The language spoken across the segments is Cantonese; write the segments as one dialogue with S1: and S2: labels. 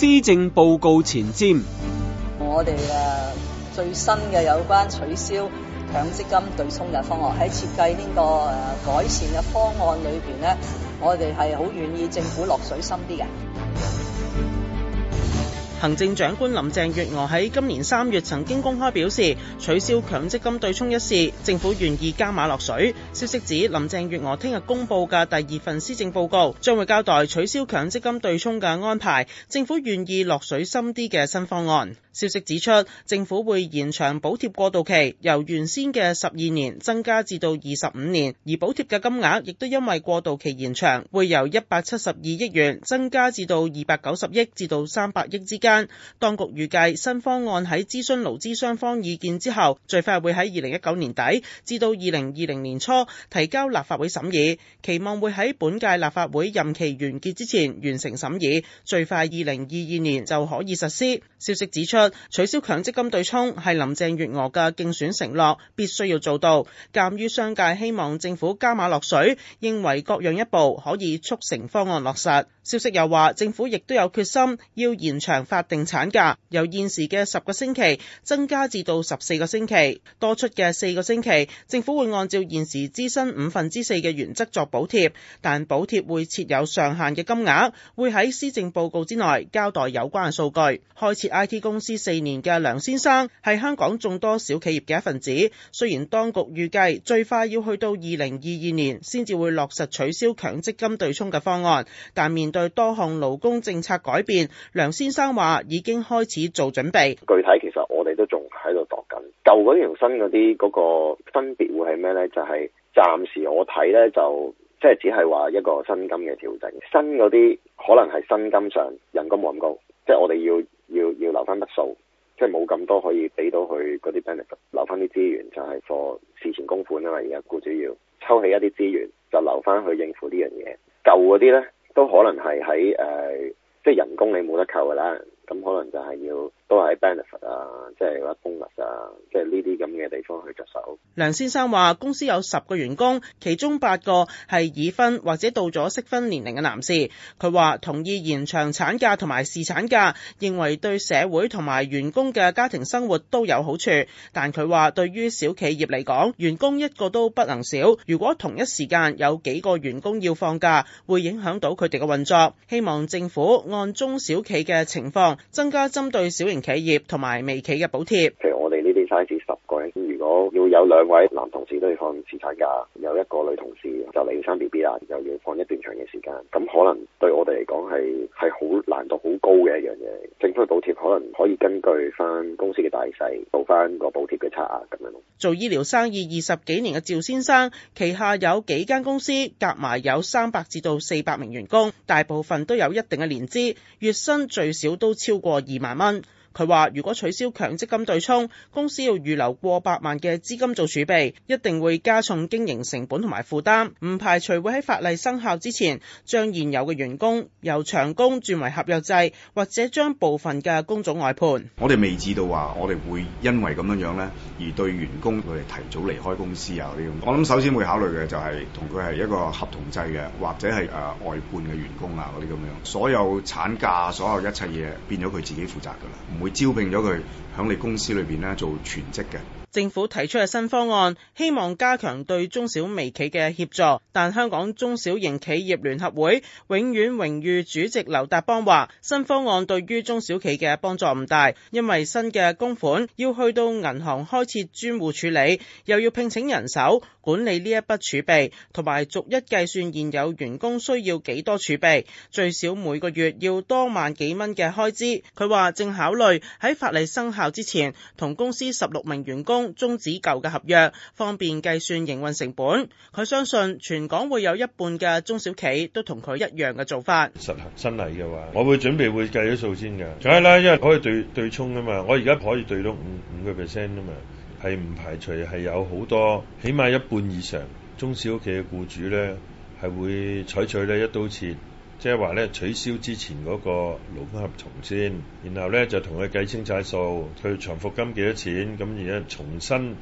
S1: 施政報告前
S2: 瞻，我哋啊最新嘅有關取消強積金對沖嘅方案，喺設計呢個誒改善嘅方案裏邊咧，我哋
S1: 係好願意政府落水深啲嘅。
S2: 行政長官林鄭月娥喺今年三月曾經公開表示，取消強積金對沖一事，政府願意加碼落水。消息指，林鄭月娥聽日公布嘅第二份施政報告，將會交代取消強積金對沖嘅安排，政府願意落水深啲嘅新方案。消息指出，政府會延長補貼過渡期，由原先嘅十二年增加至到二十五年，而補貼嘅金額亦都因為過渡期延長，會由一百七十二億元增加至到二百九十億至到三百億之間。當局預計新方案喺諮詢勞資雙方意見之後，最快會喺二零一九年底至到二零二零年初提交立法會審議，期望會喺本屆立法會任期完結之前完成審議，最快二零二二年就可以實施。消息指出，取消強積金對沖係林鄭月娥嘅競選承諾，必須要做到。鑒於商界希望政府加碼落水，認為各讓一步可以促成方案落實。消息又話，政府亦都有決心要延長法法定產假由現時嘅十個星期增加至到十四個星期，多出嘅四個星期，政府會按照現時資薪五分之四嘅原則作補貼，但補貼會設有上限嘅金額，會喺施政報告之內交代有關嘅數據。開設 I.T. 公司四年嘅梁先生係香港眾多小企業嘅一份子，雖然當局預計最快要去到二零二二年先至會落實取消強積金對沖嘅方案，但面對多項勞工政策改變，梁先生話。已經開始做準備，具體其
S3: 實我哋都仲喺度度緊，舊嗰啲同新嗰啲嗰個分別會係咩呢？就係暫時我睇呢，就即係只係話一個薪金嘅調整，新嗰啲可能係薪金上人工冇咁高，即係我哋要要要留翻筆數，即係冇咁多可以俾到佢嗰啲 benefit，留翻啲資源就係做事前供款啊嘛，而家雇主要抽起一啲資源就留翻去應付呢樣嘢，舊嗰啲呢，都可能係喺誒即係人工你冇得扣噶啦。咁可能就係要。都喺 benefit 啊，即係話工日啊，即係呢啲咁嘅地方去着手。
S2: 梁先生話公司有十個員工，其中八個係已婚或者到咗適婚年齡嘅男士。佢話同意延長產假同埋侍產假，認為對社會同埋員工嘅家庭生活都有好處。但佢話對於小企業嚟講，員工一個都不能少。如果同一時間有幾個員工要放假，會影響到佢哋嘅運作。希望政府按中小企嘅情況增加針對小型。企業同埋微企嘅補貼，譬
S3: 如我哋呢啲 size 十個人，如果要有兩位男同事都要放產假，有一個女同事就嚟生 B B 啦，又要放一段長嘅時間，咁可能對我哋嚟講係係好難度好高嘅一樣嘢。政府嘅補貼可能可以根據翻公司嘅大細，報翻個補貼嘅差額咁樣。
S2: 做醫療生意二十幾年嘅趙先生，旗下有幾間公司，夾埋有三百至到四百名員工，大部分都有一定嘅年資，月薪最少都超過二萬蚊。佢話：如果取消強積金對沖，公司要預留過百萬嘅資金做儲備，一定會加重經營成本同埋負擔。唔排除會喺法例生效之前，將現有嘅員工由長工轉為合約制，或者將部分嘅工種外判。
S1: 我哋未知道話，我哋會因為咁樣樣呢，而對員工佢哋提早離開公司啊嗰啲。我諗首先會考慮嘅就係同佢係一個合同制嘅，或者係誒外判嘅員工啊嗰啲咁樣。所有產假，所有一切嘢變咗佢自己負責㗎啦，唔會。招聘咗佢喺你公司裏邊咧做全職嘅。
S2: 政府提出嘅新方案，希望加強對中小微企嘅協助，但香港中小型企業聯合會永遠榮譽主席劉達邦話：新方案對於中小企嘅幫助唔大，因為新嘅供款要去到銀行開設專戶處理，又要聘請人手管理呢一筆儲備，同埋逐一計算現有員工需要幾多儲備，最少每個月要多萬幾蚊嘅開支。佢話正考慮喺法例生效之前，同公司十六名員工終止舊嘅合約，方便計算營運成本。佢相信全港會有一半嘅中小企都同佢一樣嘅做法。實行新嚟嘅話，我會準備會計咗數先噶。梗係啦，因為可以對對沖啊嘛。我而家可以對到五五個 percent 啊嘛，係唔排除係有好多，起碼一半以上中小企嘅僱主咧係會採取呢一刀切。即係話咧取消之前嗰個勞工合同先，然後咧就同佢計清晒數，佢長服金幾多錢？咁而家重新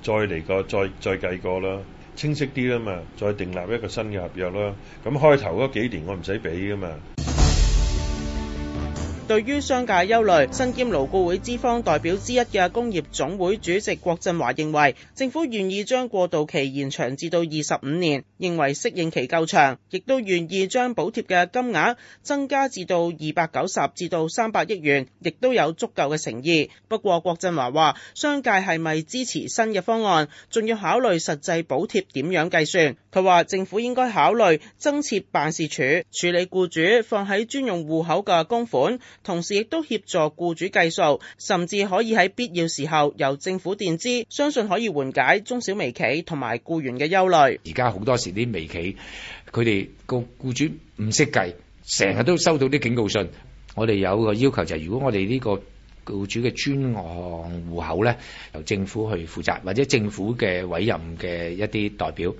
S2: 再嚟過，再再計過啦，清晰啲啊嘛，再訂立一個新嘅合約啦。咁、嗯、開頭嗰幾年我唔使俾噶嘛。對於商界憂慮，身兼勞顧會資方代表之一嘅工業總會主席郭振華認為，政府願意將過渡期延長至到二十五年，認為適應期夠長，亦都願意將補貼嘅金額增加至到二百九十至到三百億元，亦都有足夠嘅誠意。不過郭振華話，商界係咪支持新嘅方案，仲要考慮實際補貼點樣計算。佢話政府應該考慮增設辦事處處理僱主放喺專用戶口嘅供款。同時亦都協助僱主計數，甚至可以喺必要時候由政府墊資，相信可以緩解中小微企同埋僱員嘅憂慮。而家好多時啲微企佢哋個僱主
S3: 唔識計，成日都收到啲警告信。我哋有個要求就係，如果我哋呢個僱主嘅專項戶口咧，由政府去負責，或者政府嘅委任嘅一啲代表，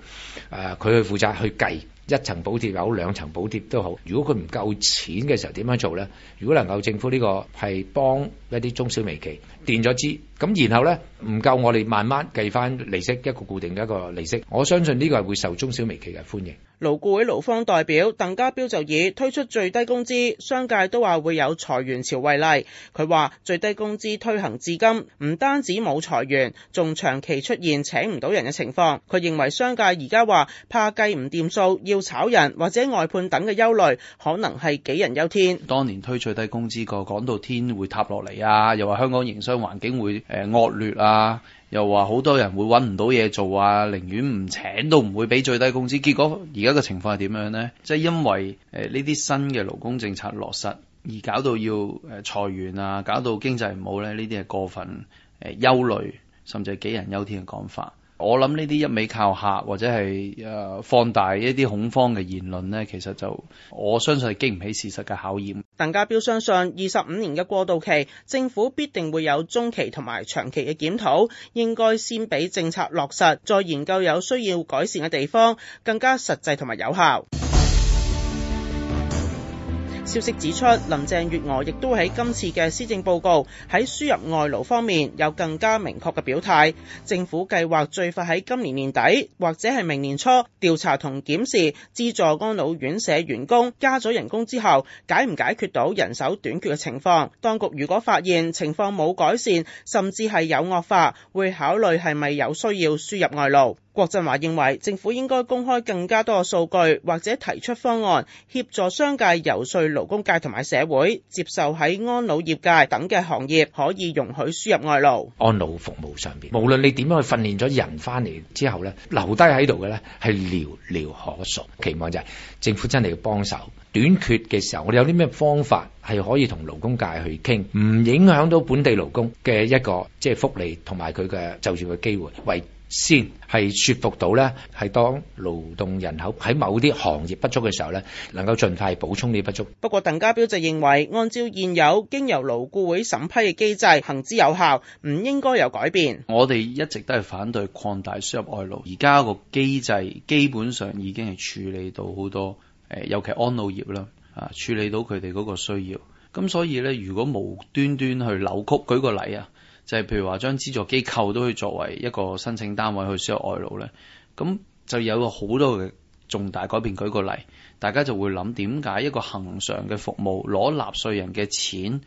S3: 誒佢去負責去計。一層補貼又好，兩層補貼都好。如果佢唔夠錢嘅時候點樣做呢？如果能夠政府呢個係幫一啲中小微企墊咗資，咁然後呢唔夠，不夠我哋慢慢計返利息，一個固定嘅一個利息。我相信呢個係會受中小微企嘅歡迎。
S2: 勞顧會勞方代表鄧家彪就以推出最低工資，商界都話會有裁員潮為例。佢話最低工資推行至今，唔單止冇裁員，仲長期出現請唔到人嘅情況。佢認為商界而家話怕計唔掂數，要炒人或者外判等嘅憂慮，可能係杞人憂天。當年推最低工資個講到天會塌落嚟
S1: 啊，又話香港營商環境會誒惡劣啊，又話好多人會搵唔到嘢做啊，寧願唔請都唔會俾最低工資。結果而家嘅情況係點樣呢？即係因為誒呢啲新嘅勞工政策落實而搞到要誒裁員啊，搞到經濟唔好咧，呢啲係過分誒憂慮，甚至係杞人憂天嘅講法。我諗呢啲一味靠嚇或者係誒放大一啲恐慌嘅言論呢，其實就我相信係經唔起事實嘅考驗。
S2: 鄧家彪相信二十五年嘅過渡期，政府必定會有中期同埋長期嘅檢討，應該先俾政策落實，再研究有需要改善嘅地方，更加實際同埋有效。消息指出，林鄭月娥亦都喺今次嘅施政報告喺輸入外勞方面有更加明確嘅表態。政府計劃最快喺今年年底或者係明年初調查同檢視資助安老院舍員工加咗人工之後解唔解決到人手短缺嘅情況。當局如果發現情況冇改善，甚至係有惡化，會考慮係咪有需要輸入外勞。郭振華認為政府應該公開更加多嘅數據，或者提出方案協助商界游說勞工界同埋社會接受喺安老業界等嘅行業可以容許輸入外勞。
S3: 安老服務上邊，無論你點樣去訓練咗人翻嚟之後呢，留低喺度嘅呢係寥寥可數。期望就係政府真係要幫手，短缺嘅時候，我哋有啲咩方法係可以同勞工界去傾，唔影響到本地勞工嘅一個即係福利同埋佢嘅就業嘅機會，為先係說服到呢，係當勞動人口喺某啲行業不足嘅時候呢，能夠盡快補充呢啲不足。
S2: 不過，鄧家彪就認為，按照現有經由勞顧會審批嘅機制，行之有效，唔應該有改變。我哋一直都係反對擴大輸入
S1: 外勞，而家個機制基本上已經係處理到好多誒，尤其安老業啦啊，處理到佢哋嗰個需要。咁所以呢，如果無端端去扭曲，舉個例啊。即係譬如話，將資助機構都去作為一個申請單位去需要外勞咧，咁就有個好多嘅重大改變。舉個例，大家就會諗點解一個恒常嘅服務攞納稅人嘅錢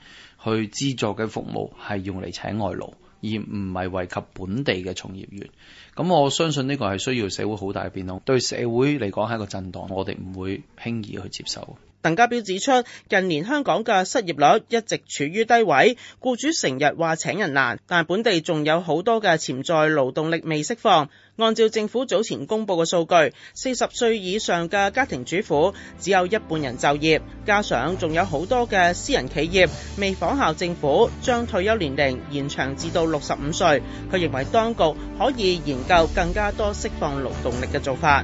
S1: 去資助嘅服務係用嚟請外勞，而唔係惠及本地嘅從業員？咁我相信呢個係需要社會好大嘅變動，對社會嚟講係一個震蕩，我哋唔會輕易去接
S2: 受。陳家標指出，近年香港嘅失業率一直處於低位，僱主成日話請人難，但本地仲有好多嘅潛在勞動力未釋放。按照政府早前公布嘅數據，四十歲以上嘅家庭主婦只有一半人就業，加上仲有好多嘅私人企業未仿效政府將退休年齡延長至到六十五歲。佢認為當局可以研究更加多釋放勞動力嘅做法。